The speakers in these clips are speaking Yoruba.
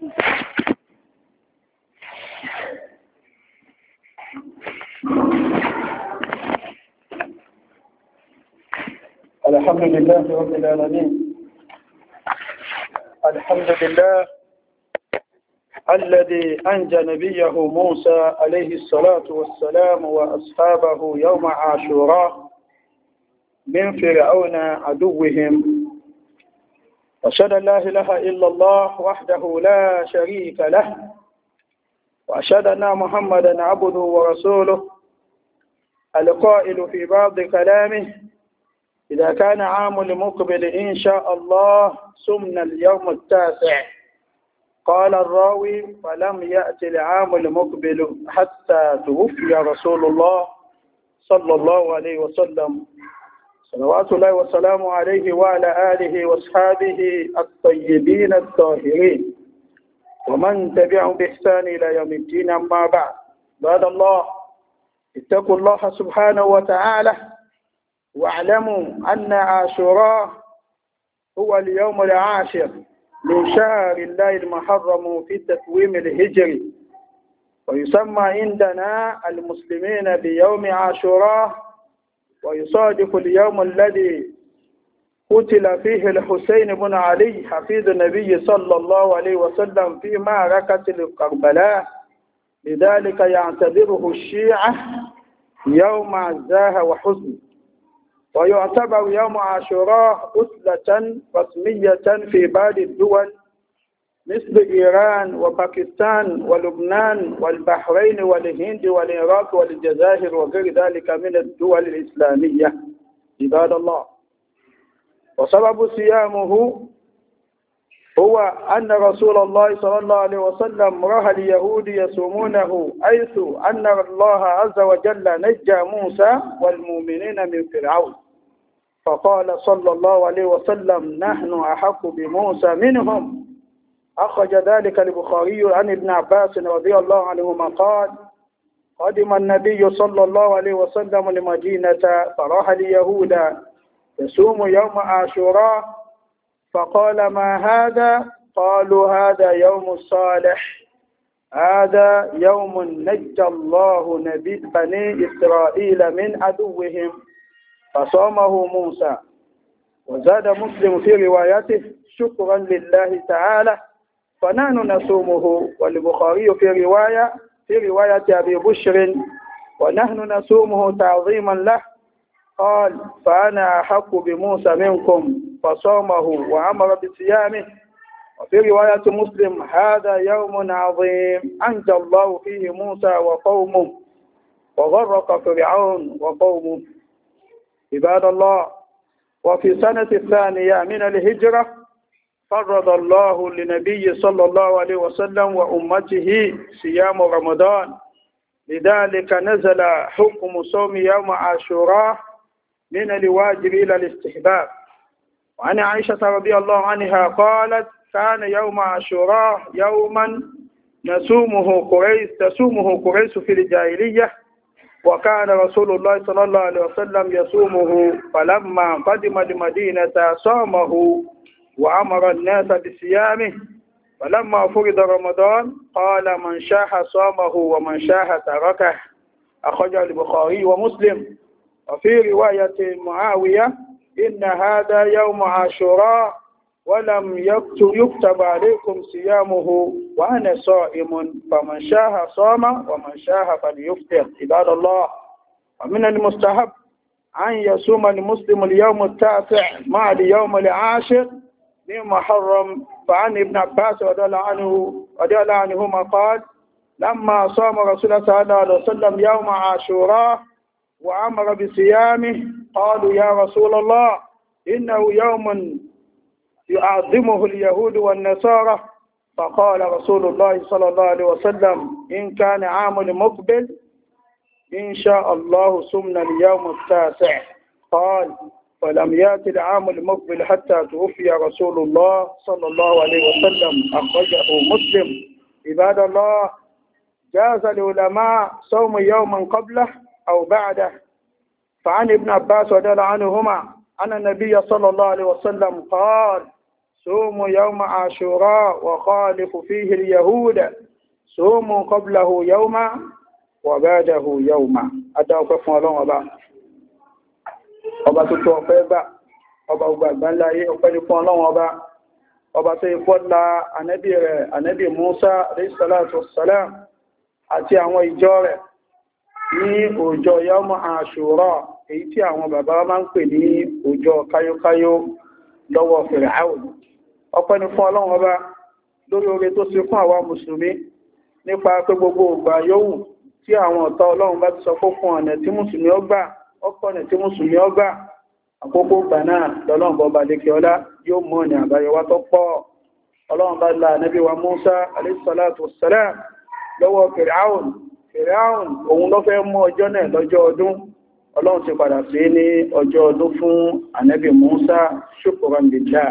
الحمد لله رب العالمين الحمد لله الذي أنجى نبيه موسى عليه الصلاة والسلام وأصحابه يوم عاشوراء من فرعون عدوهم وأشهد أن لا إله إلا الله وحده لا شريك له وأشهد أن محمدا عبده ورسوله القائل في بعض كلامه إذا كان عام المقبل إن شاء الله سمنا اليوم التاسع قال الراوي فلم يأتي العام المقبل حتى توفي رسول الله صلى الله عليه وسلم صلوات الله وسلامه عليه وعلى آله وأصحابه الطيبين الطاهرين ومن تبعهم بإحسان إلى يوم الدين أما بعد بعد الله اتقوا الله سبحانه وتعالى واعلموا أن عاشوراء هو اليوم العاشر من شهر الله المحرم في التكويم الهجري ويسمى عندنا المسلمين بيوم عاشوراء ويصادف اليوم الذي قتل فيه الحسين بن علي حفيد النبي صلى الله عليه وسلم في معركة الكربلاء لذلك يعتبره الشيعة يوم عزاه وحزن ويعتبر يوم عاشوراء أسلة رسمية في بعض الدول مثل إيران وباكستان ولبنان والبحرين والهند والعراق والجزائر وغير ذلك من الدول الإسلامية عباد الله وسبب صيامه هو أن رسول الله صلى الله عليه وسلم رأى اليهود يصومونه حيث أن الله عز وجل نجى موسى والمؤمنين من فرعون فقال صلى الله عليه وسلم نحن أحق بموسى منهم أخرج ذلك البخاري عن ابن عباس رضي الله عنهما قال قدم النبي صلى الله عليه وسلم لمدينة فراح اليهود يصوم يوم عاشوراء فقال ما هذا قالوا هذا يوم صالح هذا يوم نجى الله نبي بني إسرائيل من عدوهم فصامه موسى وزاد مسلم في روايته شكرا لله تعالى فنحن نصومه والبخاري في رواية في رواية أبي بشر ونحن نصومه تعظيما له قال فأنا أحق بموسى منكم فصومه وأمر بصيامه وفي رواية مسلم هذا يوم عظيم أنجى الله فيه موسى وقومه وغرق فرعون وقومه عباد الله وفي سنة الثانية من الهجرة فرض الله لنبي صلى الله عليه وسلم وأمته صيام رمضان لذلك نزل حكم صوم يوم عاشوراء من الواجب إلى الاستحباب وعن عائشة رضي الله عنها قالت كان يوم عاشوراء يوما نسومه قريش تسومه قريش في الجاهلية وكان رسول الله صلى الله عليه وسلم يصومه فلما قدم المدينة صامه وأمر الناس بصيامه فلما فرض رمضان قال من شاح صامه ومن شاح تركه أخرجه البخاري ومسلم وفي رواية معاوية إن هذا يوم عاشوراء ولم يكتب عليكم صيامه وأنا صائم فمن شاه صام ومن شاه فليفطر عباد الله ومن المستحب أن يصوم المسلم اليوم التاسع مع اليوم العاشر من محرم فعن ابن عباس رضي الله عنه رضي الله عنهما قال لما صام رسول الله صلى الله عليه وسلم يوم عاشوراء وأمر بصيامه قالوا يا رسول الله إنه يوم يعظمه اليهود والنصارى فقال رسول الله صلى الله عليه وسلم إن كان عام مقبل إن شاء الله سمنا اليوم التاسع قال ولم يأت العام المقبل حتى توفي رسول الله صلى الله عليه وسلم أخرجه مسلم عباد الله جاز العلماء صوم يوما قبله أو بعده فعن ابن عباس ودل عنهما أن النبي صلى الله عليه وسلم قال صوم يوم عاشوراء وخالف فيه اليهود صوم قبله يوما وبعده يوما أتوقف الله ọba tó tó ọpẹ́ gbà ọba gbogbo àgbáńlá ayé ọpẹ́ ní fún ọlọ́run ọba ọba tó ipọ́ la rẹ̀ ànábì Musa ríṣàlátù sàlám àti àwọn ìjọ rẹ̀ ní ọjọ́ yọmọ àṣùrọ̀ èyí tí àwọn bàbá máa ń pè ní ọjọ́ káyókáyó lọ́wọ́ Fìràáùn ọpẹ́ ní fún ọlọ́run ọba lórí oore tó ṣe fún àwa mùsùlùmí nípa pé gbogbo ìgbà yòówù tí àwọn ọ̀tá ọlọ́run bá ti sọ fún ọ̀nà tí mùsùlùmí ó gbà kọ́nà tí mùsùlùmí ọgbà àkókò gbà náà lọ́lọ́run bọ́ bá lékè ọlá yóò mọ́ ní àbáyọwá tó pọ̀ ọlọ́run bá la ànábì wa Musa alayhi salatu wassalam lọ́wọ́ Fìràún Fìràún òun ló fẹ́ mú ọjọ́ náà lọ́jọ́ ọdún ọlọ́run ti Musa shukran billah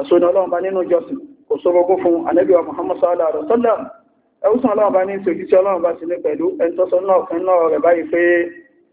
àsọ́nà ọlọ́run bá nínú jọsìn kò sọ́gbọ́gbọ́ Muhammad sallallahu alaihi wasallam ẹwùsàn ọlọ́run bá ní ìsòjíṣẹ́ ọlọ́run bá sí ní pẹ̀lú ẹni tọ́sọ náà rẹ̀ báyìí pé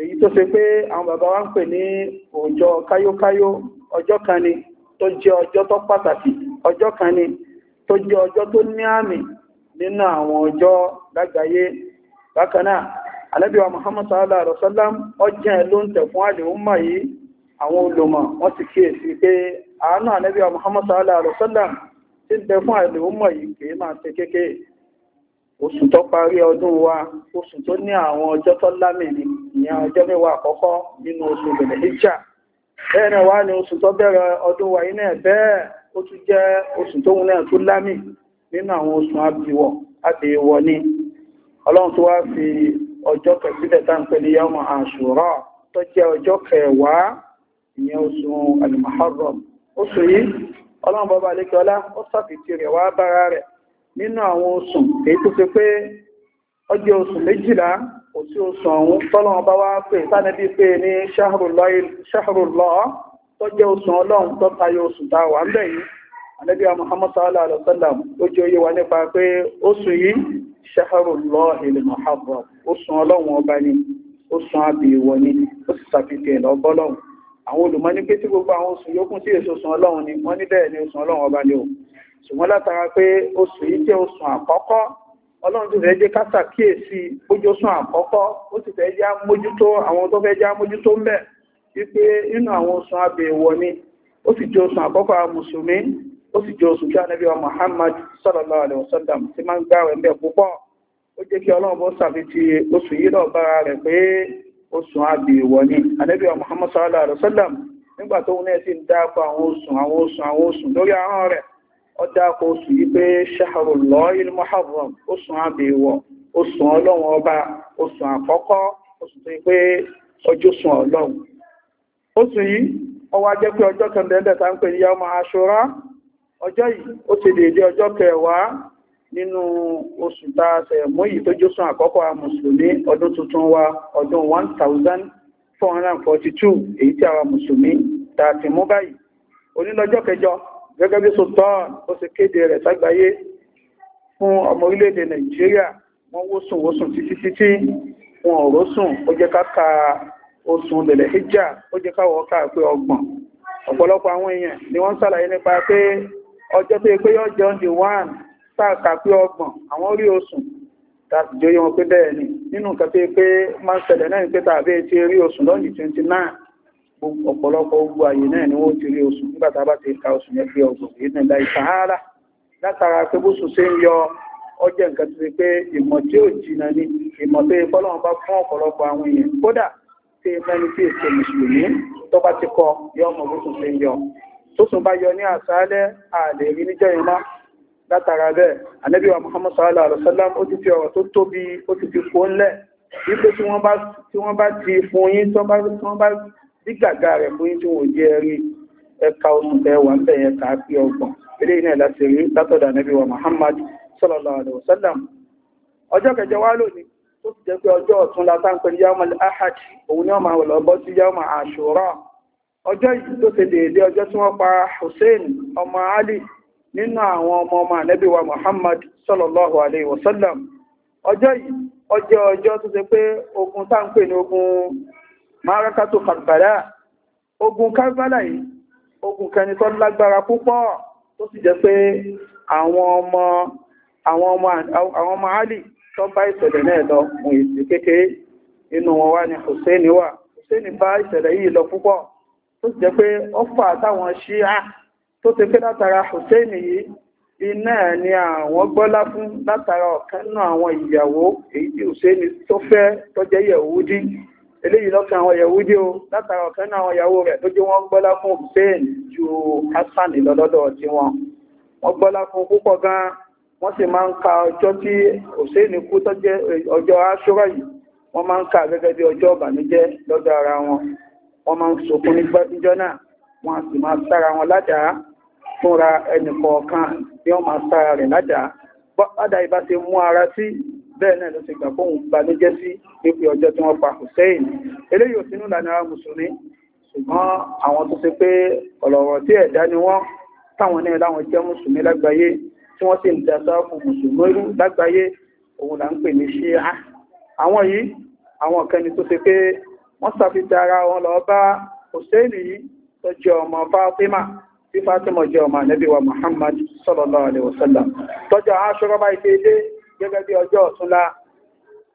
èyí tó se pé àwọn bàbá wa ń pè ní ọjọ́ káyókáyó ọjọ́ kan ni tó jẹ́ ọjọ́ tó pàtàkì ọjọ́ kan ni tó jẹ́ ọjọ́ tó ní àmì nínú àwọn ọjọ́ lágbàáyé bákanáà alẹ́bíwa Muhammad sallallahu alaihi wasallam ọjọ́ ẹ̀ ló ń tẹ̀ fún yi yìí àwọn olùmọ̀ si ke si pé àánú alẹ́bíwa Muhammad sallallahu alaihi wasallam ti ń tẹ̀ fún àlèhúnmà yi kìí ma se keke. oṣù tó parí ọdún wa oṣù tó ní àwọn ọjọ́ tó lámìnì ìyẹn ọjọ́ mẹ́wàá àkọ́kọ́ nínú oṣù bẹ̀rẹ̀ ìjà bẹ́ẹ̀ wá ní oṣù tó bẹ̀rẹ̀ ọdún wa iná bẹ́ẹ̀ ó tún jẹ́ oṣù tó wùn náà tún lámì nínú àwọn oṣù àbíwọ̀ àbíwọ̀ ọlọ́run tó wá fi ọjọ́ kẹsílẹ̀ tá ọlọ́run bọ́ba àlékọ́lá ó sàfìtì rẹ̀ wá bára rẹ̀ nínú àwọn oṣù èyí tó ṣe pé ọjọ́ oṣù méjìlá kò sí oṣù ọ̀hún tọ́lọ́wọ́n bá wá pè sánẹ́bí pé ní ṣáhùrùlọ́ tó jẹ́ oṣù ọlọ́run tó tayọ oṣù tá wà ń bẹ̀ yìí ànábì Muhammad sallallahu alaihi wasallam ó jẹ́ oyé wa nípa pé oṣù yìí ṣáhùrùlọ́ ìlmọ̀hábọ̀ oṣù ọlọ́run ọba ni oṣù àwọn olùmọ́ ní pé tí gbogbo àwọn oṣù yókùn sí èso ọlọ́run ni wọ́n ní bẹ́ẹ̀ ni oṣù ọlọ́run ọba ni ò ṣùgbọ́n látara pé oṣù yìí jẹ́ oṣù àkọ́kọ́ ọlọ́run ti fẹ́ jẹ́ ká ṣàkíyèsí ojú oṣù àkọ́kọ́ ó sì fẹ́ já mójútó àwọn tó fẹ́ já mójútó ń bẹ̀ wípé nínú àwọn oṣù abẹ̀wọ̀ ni ó sì jẹ́ oṣù àkọ́kọ́ àwọn mùsùlùmí ó sì jẹ́ oṣù kí wa Muhammad sallallahu alaihi wasallam ti máa ń gbà rẹ̀ bẹ́ẹ̀ púpọ̀ ó jẹ́ kí ọlọ́run bó oṣù yìí náà bára rẹ̀ pé oṣù ni wa Muhammad sallallahu nígbà tó ọ dákọ̀ oṣù ipe pé Shahrullahi al-Muharram oṣù oṣù ọba oṣù oṣù tó pé ọjọ́ oṣù yìí ó wá pé ọjọ́ kẹndẹ̀ẹ́dẹ̀ ń pè ní yawma Ashura ọjọ́ yìí ó ti dèédé ọjọ́ kẹwàá nínú oṣù yìí tó a mùsùlùmí ọdún mùsùlùmí ti mú gẹ́gẹ́ bí sultan ó sì kéde rẹ̀ ságbàáyé fún ọmọ orílẹ̀-èdè Nàìjíríà wọ́n wósùn wósùn títí títí wọn ò rósùn ó jẹ́ ká ka oṣù lẹ̀lẹ̀ hijjá ó jẹ́ káwọ́ ká pé ọgbọ̀n ọ̀pọ̀lọpọ̀ àwọn èèyàn ni wọ́n sàlàyé nípa pé ọjọ́ tó pé yọ́ jẹun di wọ́n sáàkà pé ọgbọ̀n àwọn orí oṣù tàbí jẹ́ wọn pé bẹ́ẹ̀ ni nínú nǹkan tó pé máa ń ṣẹlẹ̀ náà ní pé tàbí ti rí oṣù lọ́nà 29 ọ̀pọ̀lọpọ̀ ogun àyè náà ni wọ́n ti rí oṣù nígbà tá a bá ti ka oṣù yẹn fi ọgbọ̀n èyí náà láì sàárà látara pé bóṣù ṣe ń yọ ọjẹ́ nǹkan ti pé ìmọ̀ tí ó jìnà ni ìmọ̀ tó yẹ fọ́lọ́run bá fún ọ̀pọ̀lọpọ̀ àwọn èèyàn kódà tí ẹ mẹ́ni tí èsè mùsùlùmí tó bá ti kọ yọ ọmọ bóṣù ṣe ń yọ tóṣù bá yọ ní àṣálẹ́ àlè rí níjọ́ yẹn má látara bẹ́ẹ̀ ànábì wa Muhammad sallallahu alaihi wasallam ó ti fi ọ̀rọ̀ tó tóbi ó ti fi kó ńlẹ̀ wípé tí wọ́n bá ti fún yín tí wọ́n bá Dị gàgà rẹ̀ bóyí tí wọ́n jẹ́ rí ẹka oṣù tẹ́wà ń bẹ̀yẹ ká fi ọgbọ̀n ilé iná ìlàsì rí látọ̀dà Ànábì wa Muhammad sallallahu alaihi ọjọ́ kẹjọ wá lónìí tó ti jẹ́ pé ọjọ́ ọ̀tún látàn pẹ̀lú ahad òun ni ọmọ àwọn ọlọ́bọ́ sí yawmal ashura ọjọ́ yìí tó ọjọ́ tí wọ́n pa Hussein ọmọ Ali nínú àwọn ọmọ ọmọ wa Muhammad sallallahu márakàtò kàrbàlá ogun kàrbàlá yìí ogun kẹni tó lágbára púpọ̀ tó sì jẹ́ pé àwọn ọmọ àwọn ọmọ àwọn ọmọ alì tó bá ìṣẹ̀lẹ̀ náà lọ fún ìsì kékeré inú wọn wá ní hussein wà hussein bá ìṣẹ̀lẹ̀ yìí lọ púpọ̀ tó sì jẹ́ pé ó fà táwọn ṣíà tó ti pé látara hussein yìí iná ni àwọn gbọ́lá fún látara ọ̀kan náà àwọn ìyàwó èyí tí hussein tó fẹ́ tó jẹ́ yẹ̀wúdí eléyìí lọ́kàn àwọn Yahudi o látara ọ̀kan náà àwọn ìyàwó rẹ̀ tó jẹ́ wọ́n gbọ́lá fún Hussein ju Hassan lọ́lọ́dọ̀ tí wọn wọ́n gbọ́lá fún púpọ̀ gan wọ́n sì máa ń ka ọjọ́ tí Hussein kú tó jẹ́ ọjọ́ aṣọ́rọ̀ yìí wọ́n máa ń ka gẹ́gẹ́ bí ọjọ́ ìbànújẹ́ lọ́dọ̀ ara wọn wọ́n máa ń sọkún níjọ́ náà wọ́n sì máa sára wọn ládàá fúnra ẹnìkọ̀ọ̀kan tí wọ́n máa sára rẹ̀ ládàá bá bẹ́ẹ̀ náà ló ti gbà fóun banújẹ́ sí pípẹ́ ọjọ́ tí wọ́n pa Hussein eléyìí ò sínú ìlànà ara mùsùlùmí ṣùgbọ́n àwọn tó ṣe pé ọ̀lọ̀rọ̀ tí ẹ̀dá ni wọ́n táwọn náà láwọn jẹ́ mùsùlùmí lágbàáyé tí wọ́n sì ń da sáfù mùsùlùmí lágbàáyé òun là ń pè ní ṣíà àwọn yìí àwọn kan ni tó ṣe pé wọ́n ṣàfihàn ara wọn lọ bá Hussein yìí tó jẹ́ ọmọ Fatima tí Fatima jẹ́ ọmọ Ànábì wa Muhammad sallallahu alaihi wasallam tọ́jọ́ aṣọ́rọ́bá ìfẹ́ ilé gẹ́gẹ́ bí ọjọ́ ọ̀túnla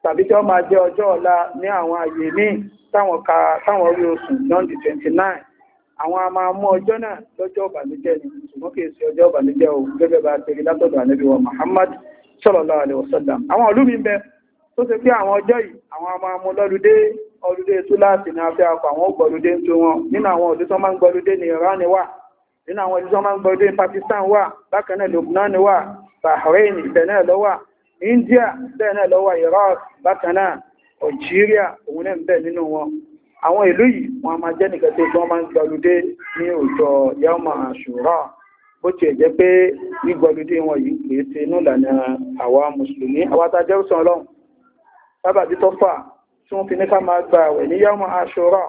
tàbí tí ó máa jẹ́ ọjọ́ ọ̀la ní àwọn àyè míì táwọn ka táwọn orí oṣù john the twenty nine àwọn a máa mú ọjọ́ náà lọ́jọ́ ìbànújẹ́ ni ṣùgbọ́n kì í ṣe ọjọ́ ìbànújẹ́ o gẹ́gẹ́ bá tẹ̀lé látọ̀dọ̀ ànábì wa Muhammad sallallahu alaihi wasallam àwọn ìlú mi ń bẹ tó ṣe pé àwọn ọjọ́ yìí àwọn a máa mú lọ́ludé ọludé túláàsì ní afẹ́ akọ àwọn gbọ́ludé ń tó wọn nínú àwọn ọdún tó máa ń gbọ́ludé ní Iran wà nínú àwọn ọdún tó máa ń gbọ́ludé Pakistan wà bákan náà Lebanon wà Bahrain ibẹ̀ náà lọ India bẹ́ẹ̀ náà lọ́wọ́ Iraq bákan náà Algeria òun náà ń bẹ nínú wọn àwọn ìlú yìí wọn máa jẹ́ nìkan tó wọ́n máa ń gbàlúdé ní ọjọ́ yawma Ashura bó tiẹ̀ jẹ́ pé gbígbàlúdé wọn yìí kìí ṣe inú ìlànà àwa mùsùlùmí àwa tá jẹ́ òsàn ọlọ́run sábàbí tó fà tí wọ́n fi ní ká máa gba àwẹ̀ ní yawma Ashura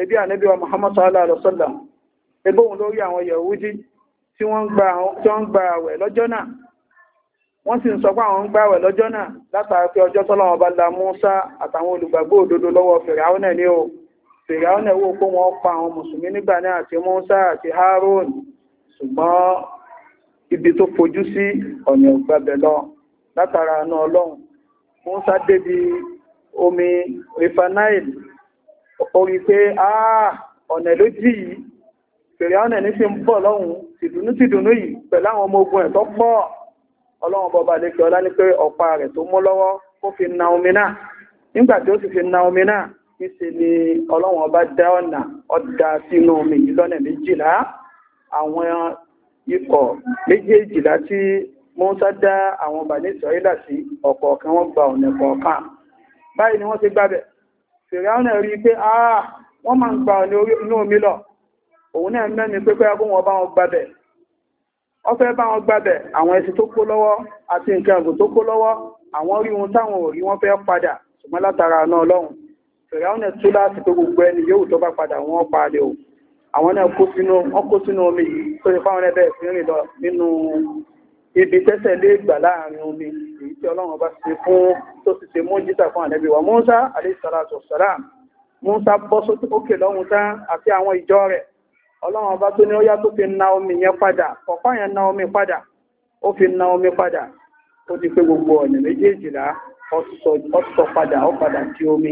ebi ànábì wa Muhammad sallallahu alaihi wasallam ebóhun lórí àwọn Yahudi tí wọ́n ń gba àwẹ̀ lọ́jọ́ náà wọ́n sì ń sọ pé àwọn ń gbààwẹ̀ lọ́jọ́ náà látara pé ọjọ́ tọ́lọ́wọ́ bá la Mùsá àtàwọn olùgbàgbọ́ òdodo lọ́wọ́ Fìràúnà ní o Fìràúnà wò pé wọ́n pa àwọn mùsùlùmí nígbà náà àti Mùsá àti Harun ṣùgbọ́n ibi tó fojú sí ọ̀nà ìgbàbẹ̀ lọ látara àánú Ọlọ́run Mùsá débi omi rifanail orí pé àà ọ̀nà ló jì yìí Fìràúnà ní sí ń bọ̀ lọ́hùn tìdùnú tìdùnú yìí pẹ̀lú àwọn ọmọ ọlọ́run bọba lè fi ọlá ní pé ọ̀pá rẹ̀ tó mú lọ́wọ́ kó fi na omi náà nígbà tí ó sì fi na omi náà ìṣe ni ọlọ́run ọba dá ọ̀nà ọ̀dà sínú omi yìí lọ́nà méjìlá àwọn ikọ̀ méjèèjìlá tí mọ́sá dá àwọn bàní ìsọ̀rílà sí ọ̀kọ̀ọ̀kan wọ́n gba ọ̀nà kọ̀ọ̀kan báyìí ni wọ́n ti gbábẹ̀ fìràúnà rí pé àà wọ́n máa ń gba ọ̀nà inú omi lọ òun náà mẹ́ni pé pé wọn bá wọn gbábẹ̀ ọfẹ́ bá wọn gbàbẹ̀ àwọn ẹṣin tó kó lọ́wọ́ àti nǹkan ọ̀gùn tó kó lọ́wọ́ àwọn rí wọn táwọn ò rí wọn fẹ́ padà ṣùgbọ́n látara náà ọlọ́run fìràwọn tú láti pé gbogbo ẹni yóò tó bá padà wọn paálé o àwọn náà kó sínú wọn kó sínú omi yìí tó ṣe fáwọn ẹbẹ ìfìrìn lọ nínú ibi tẹ́sẹ̀ lé gbà láàrin omi èyí tí ọlọ́run bá ṣe fún tó sì ṣe mú jíta fún ànábì wa Musa alayhi salatu wassalam Musa bọ́ sókè lọ́hun tán àti àwọn ìjọ rẹ̀ ọlọ́run ọba tó ní ó yá tó fi na omi yẹn padà ọ̀pá yẹn na omi padà ó fi na omi padà ó ti pé gbogbo ọ̀nà méjèèjìlá ọ̀sọ̀ padà ó padà di omi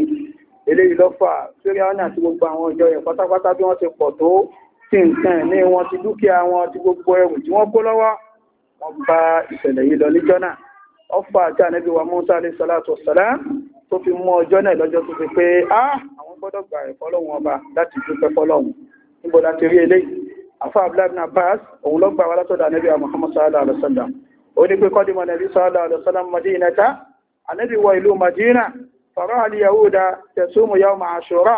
eléyìí lọ́fà sórí àwọn àti gbogbo àwọn ìjọ yẹn pátápátá bí wọ́n ti pọ̀ tó tí nǹkan ní wọn ti dúkìá wọn ti gbogbo ẹrù tí wọ́n kó lọ́wọ́ wọ́n bá ìṣẹ̀lẹ̀ yìí lọ níjọ́ náà ọfà àti ànẹ́bí wa Musa alayhi salatu wassalam tó fi mú ọjọ́ náà lọ́jọ́ tó fi pé ah àwọn gbọ́dọ̀ gbà ẹ̀fọ́ lọ́wọ́n ọba láti dúpẹ́ fọ́lọ́wọ́n níbo la ti rí eléyìí afa abdullahi abbas òun ló gbà wá látọ̀dọ̀ anabi muhammad sallallahu alaihi wasallam ó ní pé kọ́dìmọ̀ nàbí sallallahu alaihi wasallam madinata anabi wọ ìlú madina fara ali yahuda tẹ̀sùmù yawma ashura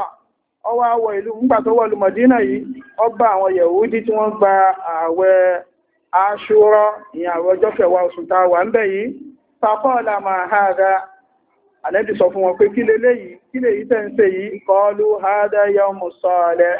ó wá wọ ìlú nígbà tó wọ ìlú madina yìí ó bá àwọn yahudi tí wọ́n gba ààwẹ̀ ashura ìyẹn àwọn ọjọ́ kẹwàá oṣù tá a wà ń bẹ̀ yìí faqala ma hadha anabi sọ fún wọn pé kí leléyìí kí lèyí tẹ́ ń ṣe yìí qalu hadha yawmu salih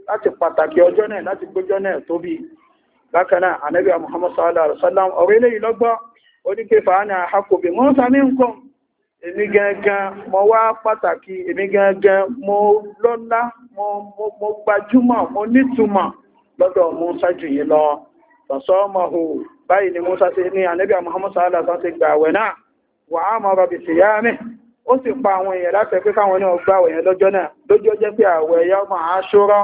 láti pàtàkì ọjọ́ náà láti gbójọ́ náà tóbi bákanáà ànábì Muhammad sallallahu alaihi wasallam ọ̀rọ̀ ilé ìlọ́gbọ́ oníkẹfà ní àhàkòbí wọ́n sami ń kọ́ èmi gangan mo wá pàtàkì èmi gangan mo lọ́lá mo gbajúmọ̀ mo sọ́sọ́mọ̀hù báyìí ni Musa ṣe ní ànábì Muhammad sallallahu alaihi wasallam gbà àwẹ̀ náà wà á mọ̀ rọ̀bì sí yá mẹ́ ó sì pa àwọn èèyàn láti ẹgbẹ́ káwọn ní ọgbà àwẹ̀ lọ́jọ́ náà lójó jẹ́ pé àwẹ̀ yá máa ṣúrọ́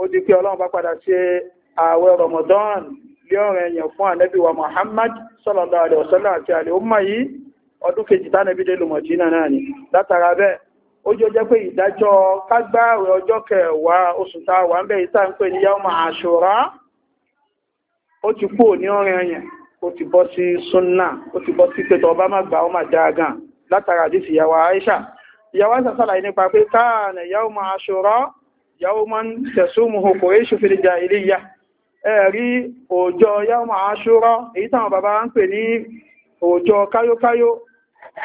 ó di pé ọlọ́run bá padà ṣe ààwẹ̀ Ramadan lé ọ̀rọ̀ ẹ̀yàn fún ànẹ́bí wa Muhammad sallallahu alaihi àti àlè ó mọ̀ yí ọdún kejì tánẹ́bí dé lu náà ni látara bẹ́ẹ̀ ó jọ jẹ́ pé ìdájọ́ kágbáàwẹ̀ ọjọ́ kẹwàá oṣù ń ń pè ní ó ti kú ní ọ̀rẹ́ ó ti bọ́ sí ó ti bọ́ sí má gbà ó má látara yawman tasumuhu quraishu fil jahiliyyah ẹ̀rí òjò yawma ashura èyí táwọn bàbá ń pè ní òjò káyókáyó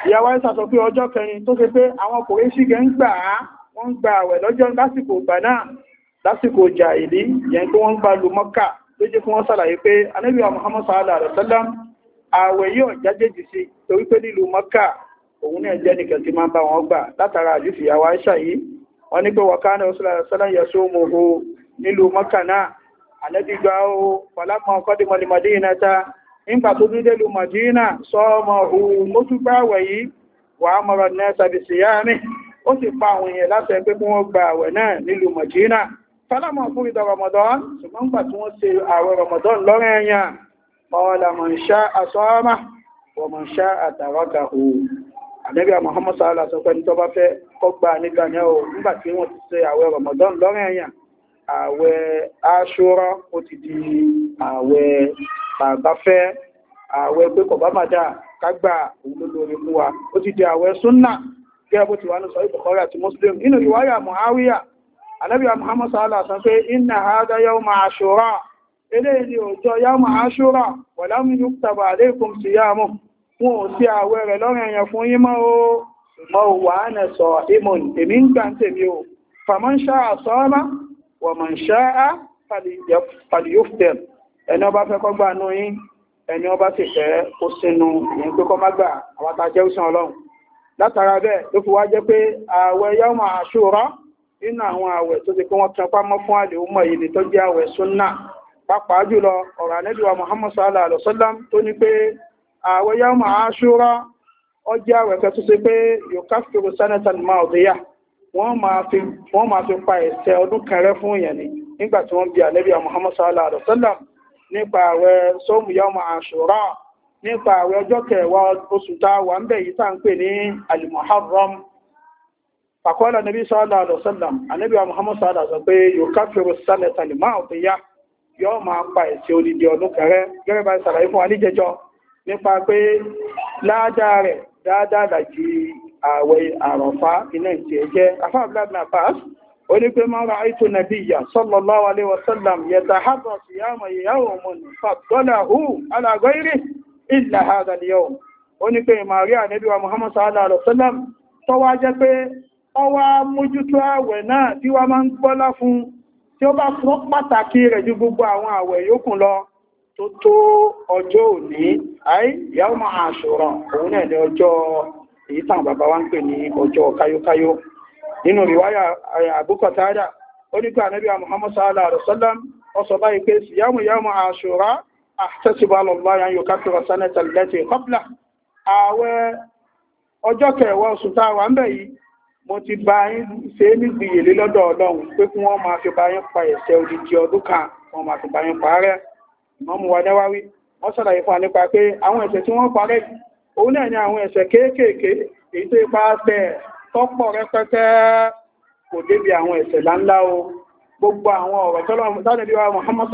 ìyàwó ẹ̀sà sọ pé ọjọ́ kẹrin tó ṣe pé àwọn quraishi gẹ̀ ń gbà á wọ́n ń gba àwẹ̀ lọ́jọ́ lásìkò ìgbà náà lásìkò jàìlì yẹn tó wọ́n ń gba lu mọ́kà ló jẹ́ fún wọ́n sàlàyé pé anábíwá muhammad sallallahu alaihi wasallam àwẹ̀ yóò jájéjì sí torí pé nílùú mọ́kà òun náà jẹ́ nìkan tí máa ń bá wọn gbà látara àdìsí ìyàwó yìí wọ́n ní pé wọ̀kánà ọ̀sọ̀lọ́sọ́lọ́ yẹ̀sọ́ mọ̀hó nílùú mọ́kànà àlẹ́bígbà ó pọ̀lápọ̀ ọkọ́dìmọ̀lì Madina ta nígbà tó dúdé lu Madina sọ́ọ̀mọ̀ òun mọ́túgbà àwẹ̀ yìí wà á mọ̀rọ̀ náà tàbí sí yá ó sì pa àwọn láti ẹgbẹ́ Ramadan ṣùgbọ́n gbà tí Ramadan lọ́rẹ̀ ẹ̀yàn mọ̀ọ́lá mọ̀ṣá àsọ́ọ́mà wọ̀mọ̀ṣá àtàrọ́kà òun ànẹ́bí Muhammad sàálà sọ pé tó bá fẹ́ kọ́gbà nígbà ní ọ̀ nígbà tí wọ́n ti ṣe àwẹ̀ Ramadan lọ́rẹ̀ èèyàn àwẹ̀ Àṣúrà ó ti di àwẹ̀ bàbá fẹ́ àwẹ̀ pé kò bá má dà kágbà òun ló lórí fún wa ó ti di àwẹ̀ súnà gẹ́gẹ́ bó ti wà ní sọ ìbùkọ́rẹ́ wọn ò sí àwẹ̀ rẹ̀ lọ́rọ̀ èèyàn fún yín mọ́ o mọ́ o wà ánà sọ imon èmi ń gbà ń tèmi o fàmọ́ ń ṣá àsọ́ọ́má wọ̀ mọ̀ ń ṣá á pàdìyófẹ́m ẹni ọba fẹ́ kọ́ gbà nú yín ẹni ọba sì fẹ́ ó sínú ìyẹn pé kọ́ má gbà àwọn àtàjẹ́ òsàn ọlọ́run látara bẹ́ẹ̀ ló fi wá jẹ́ pé àwẹ̀ yọ́mọ̀ àṣúrọ́ nínú àwọn àwẹ̀ tó ti pé wọ́n tún pamọ́ fún àlè ọmọ yìí ni tó jẹ́ àwẹ̀ súnnà pàápàá jùlọ ọ̀rọ̀ ànẹ́bíwá Muhammad sallallahu alaihi sallam tó ní pé ààwẹ̀ yọ́mù àṣúrà ọjọ́ ààwẹ̀ kan tó ṣe pé yòókà fìrò sanata ní máa ọ̀dẹ́yà wọ́n ma fi pa ise ọdún kẹrẹ fún èèyàn ni nígbà tí wọ́n bi ànábì Muhammad sallallahu alaihi wasallam nípa ààwẹ̀ sọ́mù yọ́mù àṣúrà nípa ààwẹ̀ ọjọ́ kẹwàá oṣù tá wà ń bẹ̀ yìí tá ń pè ní alimuharram fàkọ́lá nabi sallallahu alaihi sallam Muhammad sallallahu alaihi pé sanata ọ̀dẹ́yà yọ́ ma pa odidi ọdún kẹrẹ gẹ́gẹ́ bá ṣàlàyé fún wa níjẹjọ́ nípa pé ládàá rẹ̀ dáadáa dàjí àwẹ̀ àrọ̀fá iná ìtì ẹ̀jẹ́ afá abúlábìnà pass ó ní sallallahu alaihi wasallam yẹta hábọ̀ sí yàmọ̀ ìyàwó mọ̀ ní fàbọ́là hù alágọ́ irí ìlà àgàlẹ́yọ̀ ó ní pé Muhammad sallallahu alaihi wasallam tó wá jẹ́ pé ó wá mójútó àwẹ̀ náà tí wá máa ń gbọ́lá fún tí ó bá pàtàkì rẹ̀ ju gbogbo àwọn àwẹ̀ yókùn lọ tó tó ọjọ́ òní àí ìyàwó máa àṣòràn òun náà ní ọjọ́ èyí tàn bàbá wá ń pè ní ọjọ́ káyókáyó nínú ìwáyà àbúkọ̀tádà ó nígbà Ànábì Muhammad sallallahu alaihi wasallam ọsọ báyìí pé ọjọ́ oṣù táwà ń bẹ̀ yìí mo ti bá yín ṣe lọ́dọ̀ Ọlọ́run pé wọ́n fi bá kan wọ́n ìmọ̀mù wa Nawawi wọ́n sọ̀rọ̀ ìfà nípa pé àwọn ẹ̀ṣẹ̀ tí wọ́n parẹ́ òun náà ni àwọn ẹ̀ṣẹ̀ kéékèèké èyí tó ipa fẹ́ tọ́pọ̀ rẹpẹtẹ kò débi àwọn ẹ̀ṣẹ̀ láńlá o gbogbo àwọn ọ̀rọ̀ tọ́lọ́run sánàbí wa Muhammad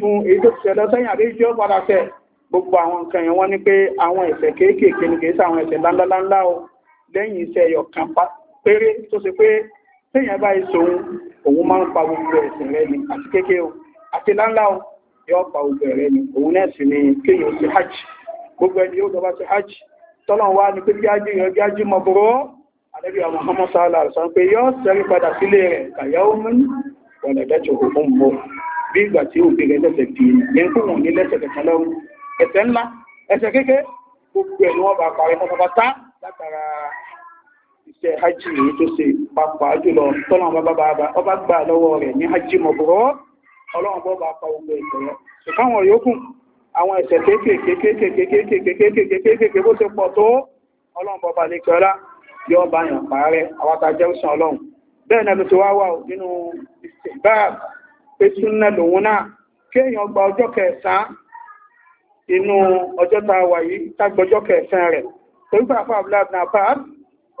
fún èyí tí ó padà fẹ́ gbogbo àwọn nǹkan yẹn wọ́n àwọn àwọn téèyàn bá iṣẹ́ òun òun máa ń pa gbogbo ẹ̀sìn rẹ̀ ni àti kékeré o àti láńlá o yóò pa gbogbo rẹ̀ ni òun náà sì ni kéèyàn sí hajj gbogbo ẹni yóò lọ́ba sí hajj tọ́lọ̀ wá ní pé jájú yọ jájú mọ̀ bọ́rọ́ àdẹ́bí àwọn Muhammad sallallahu alaihi wasallam pé yóò sẹ́rí padà sílé rẹ̀ kàyáwó mú ọ̀lẹ̀dẹ́jọ òun bọ̀ bí ìgbà tí òbí rẹ̀ lẹ́sẹ̀ di ní kó wọn ní lẹ́sẹ̀ kẹ̀kẹ́ lọ́rùn ẹ̀ṣẹ̀ ńlá ẹ̀ṣẹ̀ kéke gbogbo ẹ̀ ni wọ́n bá parí mọ́tọ́pátá ṣe hajji yìí tó ṣe pàápàá jùlọ tọ́lọ́wọ́n bá bá yàn pàárẹ̀ àwátà jẹ́rùsàn ọlọ́run bẹ́ẹ̀ náà tó wá wà nínú ìsìnbáàb pé lòun náà kéèyàn gba ọjọ́ kẹsàn inú ọjọ́ wà yìí tágbọjọ́ kẹsàn rẹ̀ torípàá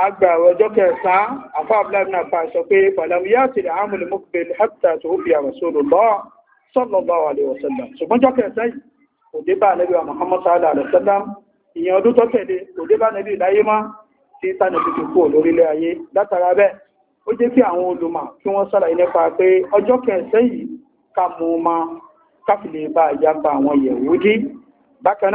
agbàwẹ̀ ọjọ́ kẹsàn-án afọ́ abúláàbìnà fa sọ pé pàlàmìyà ti rẹ̀ àmúlẹ̀ mọ́kùnrin hapita tó fi Rasulullah sallallahu alaihi wasallam ṣùgbọ́n ọjọ́ kẹsàn-án yìí kò dé bá nẹ́bí wa Muhammad sallallahu alaihi wasallam ìyẹn ọdún tó tẹ̀lé kò dé bá nẹ́bí láyé mọ́ tí tánà ti fi kúrò lórílẹ̀ ayé látara bẹ́ẹ̀ ó àwọn olùmọ̀ àwọn Yẹ̀húdí bákan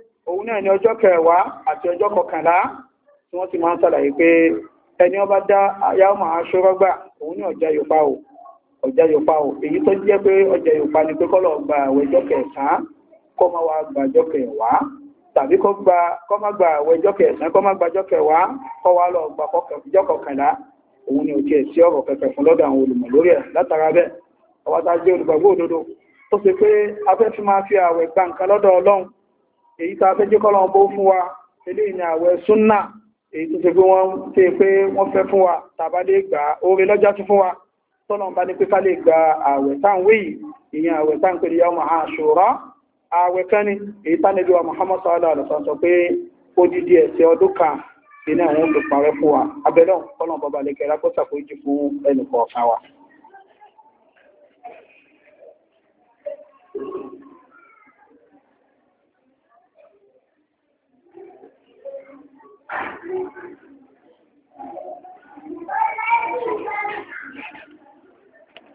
òun náà ni ọjọ́ kẹwàá àti ọjọ́ kọkànlá tí wọ́n ti máa ń sàlàyé pé ẹni ọba dá yàmà aṣọ́rọ́gbà òun ní ọjà ni o ọjà yópa o èyí tó jẹ́ pé ọjà yópa ni pé kọ́lọ̀ gba àwẹ̀ kẹsàn-án kọ́ máa wá gba kẹsàn-án kọ́ kẹwàá ni sí ọ̀rọ̀ fún èyí tàà fẹ́ jẹ́ kọ́lọ̀ bó fún wa ilé ìní àwẹ̀ súnnà èyí tó ṣe pé wọ́n tẹ́ pé wọ́n fẹ́ fún wa tàbá lè gbà oore lọ́jà tún fún wa tọ́lọ̀ bá ní pé ká lè gba àwẹ̀ táwẹ̀ yìí ìyẹn àwẹ̀ táà ń pè Muhammad sallallahu alaihi wasallam sọ pé odidi ẹ̀sẹ̀ ọdún kan ìní àwọn olùpàrẹ fún wa abẹ́lẹ́ ọ̀pọ̀lọ̀ bọ́ba lè kẹ́ra kó ṣàkóyí fún ẹnì kọ̀ọ̀kan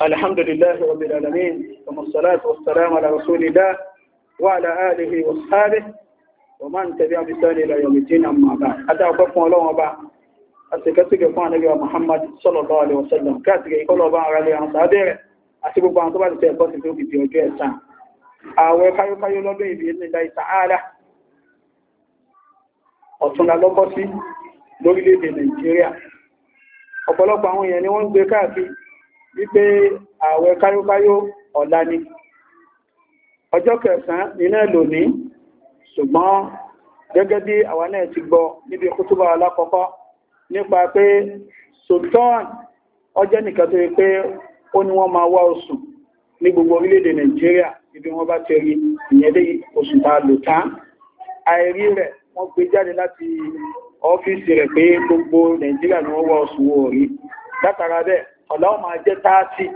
الحمد لله رب العالمين ثم الصلاة والسلام على رسول الله وعلى آله وصحبه ومن تبع بسان إلى يوم الدين أما بعد أتى أقفوا الله وبعد أتكتك فان نبي محمد صلى الله عليه وسلم كاتك يقول الله بعد عليه عن صحابه أتكتك فان طبعا في بيوجه السان أولا كايو كايو لبي بإذن الله تعالى ọ̀túnla lọ́kọ́ sí lórílẹ̀-èdè Nàìjíríà ọ̀pọ̀lọpọ̀ àwọn èèyàn ni wọ́n ń gbé káàkiri wípé ààwẹ̀ káyókáyó ọ̀la ni ọjọ́ kẹsàn-án nínú èlò ní ṣùgbọ́n gẹ́gẹ́ bí àwa náà ti gbọ́ níbi kútúbà alákọ̀ọ́kọ́ nípa pé sultan ọjọ́ nìkan tó rí pé ó ní wọ́n máa wá oṣù ní gbogbo orílẹ̀-èdè Nàìjíríà ibi wọ́n bá ti rí ìyẹ́dẹ́ oṣù tá a àìrí rẹ̀ wọ́n gbé jáde láti ọ́fíìsì rẹ̀ pé gbogbo nàìjíríà ni wọ́n wá ọ̀sùn orí látara bẹ́ẹ̀ ọ̀láwọ̀ máa jẹ́ 30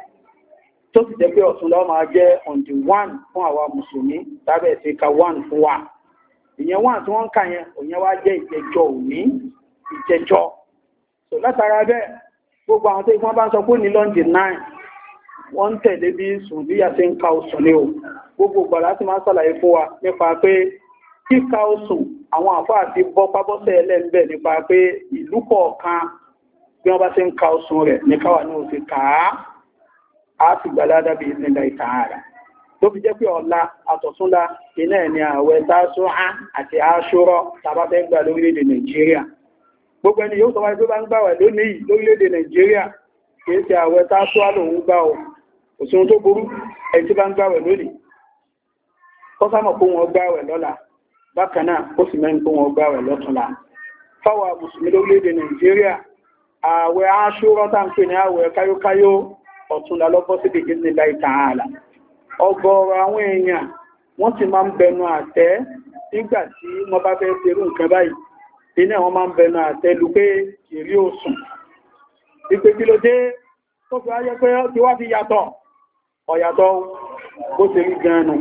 tó sì jẹ́ pé ọ̀sùn láwọ̀ máa jẹ́ on the one fún àwa mùsùlùmí lábẹ́ sí ka one fún wa ìyẹn one tí wọ́n kà yẹn òyìn wá jẹ́ ìjẹjọ òní ìjẹjọ so látara bẹ́ẹ̀ gbogbo àwọn tó wọ́n bá ń sọ pé ní lọ́ndì 9 wọ́n ń tẹ̀lé bí sùn bí yàtí ń ka oṣù ní o gbogbo gbàlá sì máa ń sàlàyé fún wa nípa pé kíka oṣù àwọn àfáà ti bọ́ pábọ́sẹ̀ ẹlẹ́gbẹ̀ nípa pé ìlú kọ̀ọ̀kan bí wọ́n bá ṣe ń ka oṣùn rẹ̀ ní káwà ní òsì kàá á sì gbà ládàbí ìsinlẹ̀ ìtààrà tó fi jẹ́ pé ọ̀la àtọ̀túnla iná ẹ̀ ni ààwẹ̀ tásúà àti àṣúrọ̀ tàbá fẹ́ gbà lórílẹ̀-èdè nàìjíríà gbogbo ẹni yóò sọ wáyé tó bá ń gbàwẹ̀ lónìí lórílẹ̀-èdè nàìjíríà kìí ṣe ààwẹ̀ tásúà lòun gbà ọ̀ òṣùn tó burú ẹ̀ tí bá ń gbàwẹ̀ lónìí tó sámọ̀ kó wọn bákan náà ó sì mẹ́rin tó wọn gbá rẹ̀ lọ́túnla fáwà mùsùlùmí lórílẹ̀-èdè nàìjíríà ààwẹ̀ aṣúrọ́ tá ń pè ní ààwẹ̀ káyókáyó ọ̀túnla lọ́bọ́ sí dèjì ní láì tààlà ọgọ́rọ̀ àwọn èèyàn wọ́n ti máa ń bẹnu àtẹ́ nígbà tí wọ́n bá fẹ́ ṣerú nǹkan báyìí iná wọn máa ń bẹnu àtẹ́ lu pé kìrí òsùn ìpè kí ló dé tó fi wáyé pé ó ti wá fi yàtọ̀ ọ̀yàtọ̀ bó ṣe rí gan-an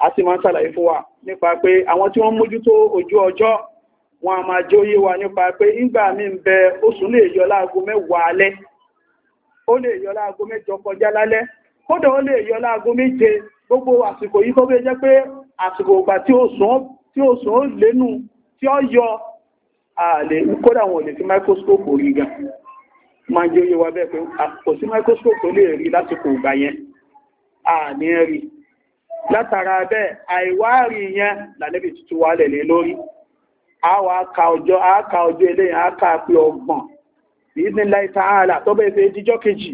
a sì máa ń sàlàyé fún wa nípa pé àwọn tí wọ́n mójútó ojú ọjọ́ wọn a máa jẹ́ òye wa nípa pé ìgbà mi ń bẹ oṣù lè yọ láago mẹ́wàá alẹ́ ó lè yọ láago mẹ́jọ kọjá lálẹ́ kódà ó lè yọ láago méje gbogbo àsìkò yìí tó bẹ́ jẹ́ pé àsìkò ìgbà tí oṣù ó lénu tí ó yọ ààlè kódà wọn lè fi microscope rí gan máa jẹ́ òye wa bẹ́ẹ̀ pé kò sí microscope tó lè rí lásìkò ìgbà yẹn ààlè rí látara bẹ́ẹ̀ àìwárí yẹn lànẹ́bì tuntun wà lẹ̀lẹ̀ lórí àwọ̀ aka ọjọ́ aka ọjọ́ eléyìn aka pé ọgbọ̀n ìdí láìta ààlà tó bẹ́ẹ̀ fẹ́ díjọ́ kejì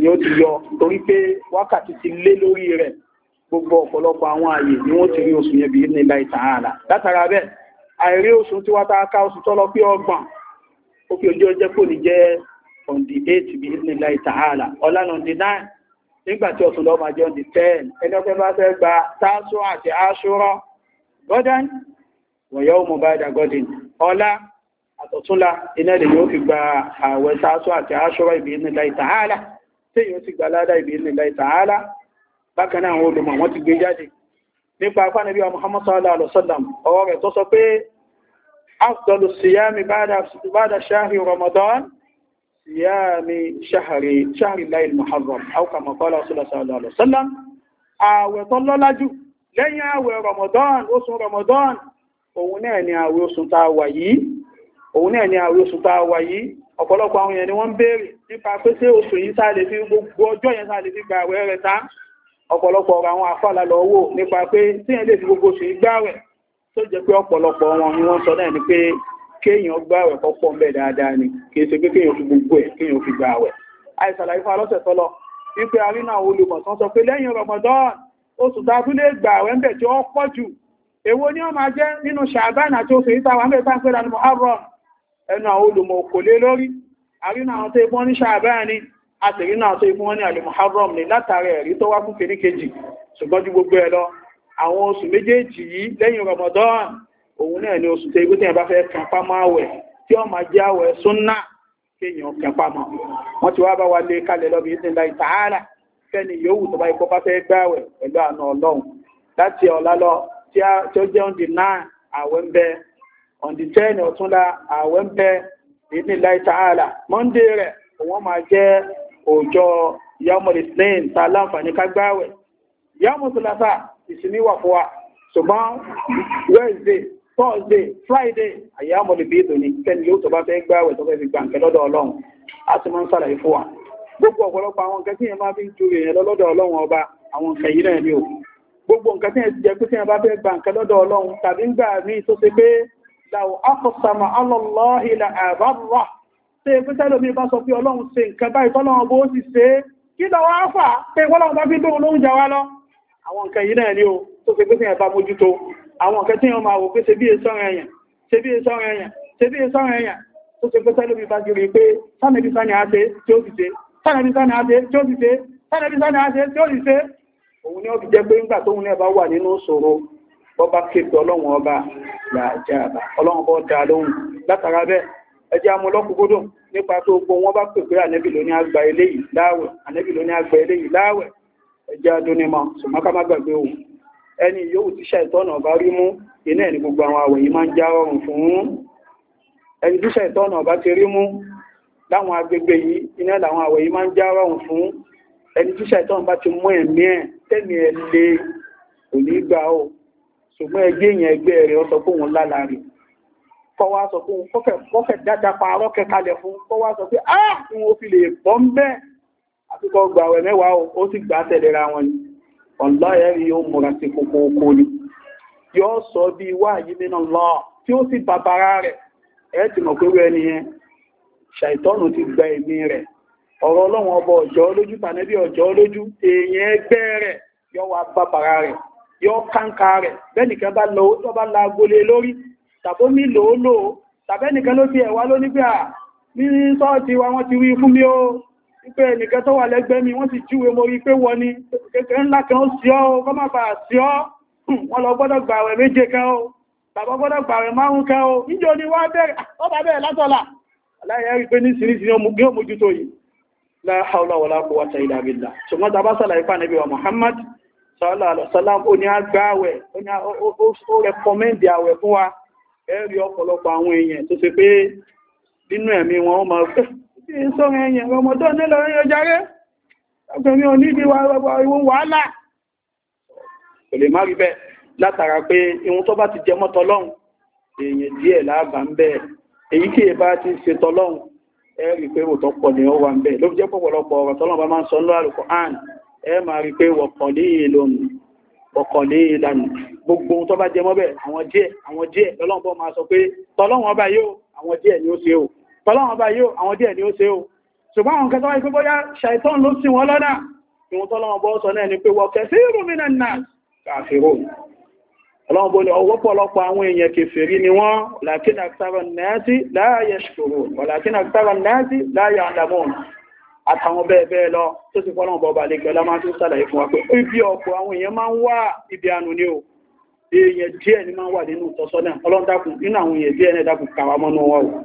ni ó ti yọ torí pé wákàtí ti lé lórí rẹ̀ gbogbo ọ̀pọ̀lọpọ̀ àwọn ààyè ni wọ́n ti rí oṣù yẹn bí ìdí láìta ààlà látara bẹ́ẹ̀ àìrí oṣù tí wá ká oṣù tọ́lọ pé ọgbọ̀n ó fi ojú ọjọ́ kò ní jẹ́ on 8 bí ìdí láìta ààlà ọlá 9 nígbà tí ọ̀tún lọ́ọ́ máa jẹ́ ọ̀dì ten ẹni ọ̀fẹ́ bá fẹ́ gba táṣọ àti aṣọ́rọ́ gọ́dán wọ̀nyọ́ mo bá dà gọ́dìn ọlá àtọ̀túnla iná lè yóò fi gba ààwẹ̀ táṣọ àti aṣọ́rọ́ ìbí ní láì tààlà tí yóò ti gba ládà ìbí ní láì tààlà bákan náà àwọn olùmọ̀ wọ́n ti gbé jáde nípa apá nàbí wa Muhammad sallallahu Ramadan صيام شهر شهر الله المحرم أو كما قال رسول الله صلى الله عليه وسلم ààwẹ̀ tó lọ́lá jù lẹ́yìn ààwẹ̀ Ramadan oṣù Ramadan òun náà ni ààwẹ̀ oṣù tá a wà yìí òun náà ni ààwẹ̀ oṣù tá a wà yìí ọ̀pọ̀lọpọ̀ àwọn èèyàn ni wọ́n ń béèrè nípa pé ṣé oṣù yìí tá a fi gbogbo ọjọ́ yẹn tá a fi gba ààwẹ̀ rẹ̀ ta ọ̀pọ̀lọpọ̀ àwọn àfàlà lọ wò nípa pé tí yẹn lè fi gbogbo oṣù yìí gbààwẹ̀ tó jẹ́ pé ọ̀pọ̀lọpọ̀ wọn ni wọ́n sọ náà ni pé kéèyàn gbá àwẹ̀ kọ́pọ̀ mẹ́ dáadáa ni kìí ṣe pé kéèyàn fi gbogbo ẹ̀ kéèyàn fi gbá àwẹ̀ àìsàlàyé fún alọ́sẹ̀ tọ́lọ wípé arínà olùmọ̀ olùmọ̀sán sọ pé lẹ́yìn Ramadan oṣù tábúlé gbà ń bẹ̀ tí ó pọ̀ jù èwo ni ó máa jẹ́ nínú Ṣàbán àti oṣù yìí táwọn mẹ́ta ń ẹnu àwọn olùmọ̀ kò lé lórí arínà àwọn tó ní Ṣàbán ni àwọn tó ní gbogbo lọ àwọn oṣù méjèèjì òun náà ni oṣù tẹ ibi tẹ́yìn bá fẹ́ kàpá máa wẹ̀ tí ó máa jẹ́ àwẹ̀ súnà kéèyàn kàpá mọ́ wọ́n ti wá bá wa lé kalẹ̀ lọ́bi ìsìn láì tààlà fẹ́ni yòówù tó bá ikọ́ bá fẹ́ gbàwẹ̀ pẹ̀lú àna ọlọ́run láti ọ̀la lọ tí ó jẹ́ on the nine àwẹ̀ ń bẹ on the ten ọ̀túnla àwẹ̀ ń bẹ ìsìn láì tààlà monday rẹ̀ òun máa jẹ́ ọjọ́ yàmù ìsìn tá a láǹfààní ká gbàwẹ̀ yàmù tòlásà ìsinmi wà fún wa ṣùgbọ́n wednesday thursday friday àyà mọ̀lẹ̀ bí ètò ní kẹ́ni yóò tó bá fẹ́ gbá ẹ̀wẹ̀ tó fẹ́ fi gbà ǹkẹ́ lọ́dọ̀ ọlọ́run a sì máa ń sàlàyé fún wa gbogbo ọ̀pọ̀lọpọ̀ àwọn nǹkan tí yẹn máa fi ń ju èèyàn lọ́dọ̀ ọlọ́run ọba àwọn nǹkan yìí náà ni o gbogbo nǹkan tí yẹn ti jẹ pé tí yẹn bá fẹ́ gbà ǹkẹ́ lọ́dọ̀ ọlọ́run tàbí ń gbà mí tó ṣe pé làwọn akọ̀sàmà ọlọ́lọ́hìn là àbábọ̀ ṣe pé sẹ́lómi bá sọ pé ọlọ́run ṣe nǹkan báyìí tọ́lọ́run bó sì ṣe é kí lọ́wọ́ á fà pé wọ́lọ́run bá fi dóhun lóúnjẹ wa lọ àwọn nǹkan yìí náà ni o tó ṣe pé tí yẹn bá mójútó àwọn ọ̀kẹ́ tí wọ́n máa wò pé ṣe bí ẹsọ́rọ̀ e ẹ̀yàn ṣe bí ẹsọ́rọ̀ e ẹ̀yàn ṣe bí ẹsọ́rọ̀ e ẹ̀yàn tó ṣe pé sẹ́lómi bá gírí pé sánàbí sáni àṣẹ tí ó ti ṣe sánàbí sáni àṣẹ tí ó ti ṣe sánàbí sáni àṣẹ tí ó ti ṣe òun ni ó fi jẹ́ pé ńgbà tóun náà bá wà nínú ṣòro bọ́bá képe ọlọ́run ọba làjá àbá ọlọ́run bọ́ da lóhun látara bẹ́ẹ̀ ẹjẹ́ amúlọ́kùnkúndùn nípa tó gbọ́ wọn bá pè pé ànẹ́bì ló ní àgbà eléyìí láàwẹ̀ ànẹ́bì ló ní àgbà eléyìí láàwẹ̀ ẹjẹ́ adúnímọ̀ ṣùgbọ́n ká má gbàgbé òun ẹni yóò tí ṣàìtọ́nà bá rí mú iná ẹni gbogbo àwọn àwẹ̀ yìí máa ń já rọrùn fún ẹni tí ṣàìtọ́nà bá ti rí mú láwọn agbègbè yìí iná làwọn àwẹ̀ yìí máa ń já rọrùn fún ẹni tí ṣàìtọ́nà bá ti mú ẹ̀mí ẹ̀ tẹ́mi ẹ̀ lè kò ní gbà ó ṣùgbọ́n ẹgbẹ́ èèyàn ẹgbẹ́ rẹ̀ ọ sọ pé òun lálàá rẹ̀ kọwa sọ pé kọfẹ̀ dáadáa parọ́ kẹkalẹ̀ fún kọwa sọ pé ah òun ò fi lè bọ́ ń bẹ́ẹ̀ àfikọ́ gbàwẹ̀ mẹ́wàá ó sì gbà tẹ̀lera wọn ni ọ̀láyẹ̀rí yóò múra sí kókó okó ni yóò sọ bí wá yìí nínú lọ tí ó sì bàbára rẹ̀ ẹ ti mọ̀ pé ẹni yẹn ṣàìtọ́nù ti gba ẹ̀mí rẹ̀ ọ̀rọ̀ ọlọ́run ọba ọjọ́ lójú tànẹ́bí ọjọ́ lójú èèyàn ẹgbẹ́ rẹ̀ yóò wá bàbára rẹ̀ yóò kánká rẹ̀ bẹ́nìkan bá lọ tó bá la agbolé lórí tàbó mi lòó lòó tàbẹ́nìkan ló ti ẹ̀wá lónígbà ní sọ́ọ̀tì wa wọ́n ti wí fún mi ó wípé ẹnìkan tó wà lẹ́gbẹ́ mi wọ́n sì júwe mo rí pé wọ́n ni kékeré ńlá kan ó sí ọ́ kọ́ má bàa sí ọ́ hmm, wọ́n lọ gbọ́dọ̀ gbà àwẹ̀ méje kan ó tàbí gbọ́dọ̀ gbà àwẹ̀ márùn kan ó níjọ ni wá bẹ̀rẹ̀ ah, ó bá bẹ̀rẹ̀ látọ̀là aláyẹ̀ rí pé la wala quwwata illa billah ṣùgbọ́n tàbá sàlàyé fún ànábì wa Muhammad sallallahu alaihi wasallam ó ní àgbà àwẹ̀ ó rẹ̀kọ́mẹ́ndì àwẹ̀ fún wa ẹ̀rí ọ̀pọ̀lọpọ̀ àwọn èèyàn tó ṣe pé nínú ẹ̀mí wọn ó máa fẹ́ sọ́rọ̀ ẹ̀yẹ̀ ọmọdé nílọ rí ọjáré ọgbẹ̀mí oníbi ìwọ̀n wàhálà kò lè má rí bẹ́ẹ̀ látara pé ihun tó bá ti jẹ mọ́ tọlọ́run èèyàn díẹ̀ láàbà ń bẹ́ẹ̀ èyí kí èbá ti ṣe tọlọ́run ẹ rí pé òtọ́ pọ̀ ní ọwà ń bẹ́ẹ̀ ló fi jẹ́ pọ̀pọ̀lọpọ̀ ọ̀rọ̀ tọ́lọ́run bá máa ń sọ ní àlùkò àn ẹ máa rí pé wọ̀kọ̀lé ìlànà wọ̀kọ̀lé ìlànà gbogbo ohun tó bá jẹ mọ́ bẹ́ẹ̀ àwọn díẹ̀ àwọn díẹ̀ lọ́lọ́run bọ́ máa sọ pé tọlọ́run ọba yóò àwọn díẹ̀ tọ́lọ́wọ́n bá yíò àwọn díẹ̀ ni ó ṣe o ṣùgbọ́n àwọn kẹta wáyé gbogbo yá ṣàìtọ́n ló sí wọn lọ́nà ìwọ̀n tọ́lọ́wọ́n bọ́ sọ náà ni pé wọ́n kẹfẹ́ ìrùmínà náà kàfẹ́rò ọlọ́wọ́n bó ní ọwọ́ pọ̀lọpọ̀ àwọn èèyàn kèfèrí ni wọ́n làkínà sára náàtì láàyè ṣòro ọ̀làkínà sára náàtì láàyè àdàmọ́n àtàwọn bẹ́ẹ̀ bẹ́ẹ̀ lọ tó sì fọ́lọ́wọ́n bọ̀ balẹ̀ gbẹ̀lá máa tún sàlàyé fún wa pé ibi ọ̀pọ̀ àwọn èèyàn máa ń wá ibi ànú ni o èèyàn díẹ̀ ni máa ń wà nínú ìtọ́sọ́nà ọlọ́ndàkùn nínú àwọn èèyàn díẹ̀ ní ẹ̀dàkùn kàwà wọn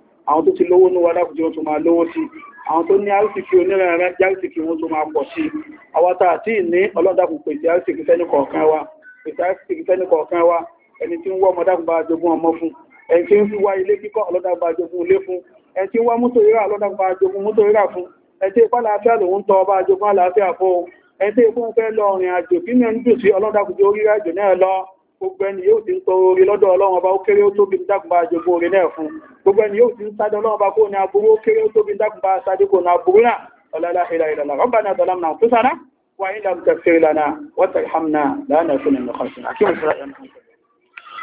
àwọn tó ti lówó ní wádá kùjọ tó máa lówó sí àwọn tó ní àrísìkí onírẹ̀rẹ̀ járísìkí wọn tó máa pọ̀ sí àwátà àti ní ọlọ́dàkùn pèsè àrísìkí fẹ́ni kọ̀ọ̀kan wa ẹni tí ń wọ́ ọmọdákùn bá jogún ọmọ fún ẹni tí ń fi wá ilé kíkọ́ ọlọ́dàkùn bá jogún ilé fún ẹni tí ń wá mútò rírà ọlọ́dàkùn bá jogún mútò rírà fún ẹni tí ipá làáfíà lòun fẹ́ ní ẹni jù gbogbo ẹni yóò ti ń tọrọ orí lọ́dọ̀ ọlọ́run ọba ó kéré ó tóbi dákùnbà àjogún orí náà fún gbogbo ẹni yóò ti ń sáré ọlọ́run ọba kó ní aburú ó kéré ó tóbi dákùnbà sáré ní aburú náà ọlọ́lá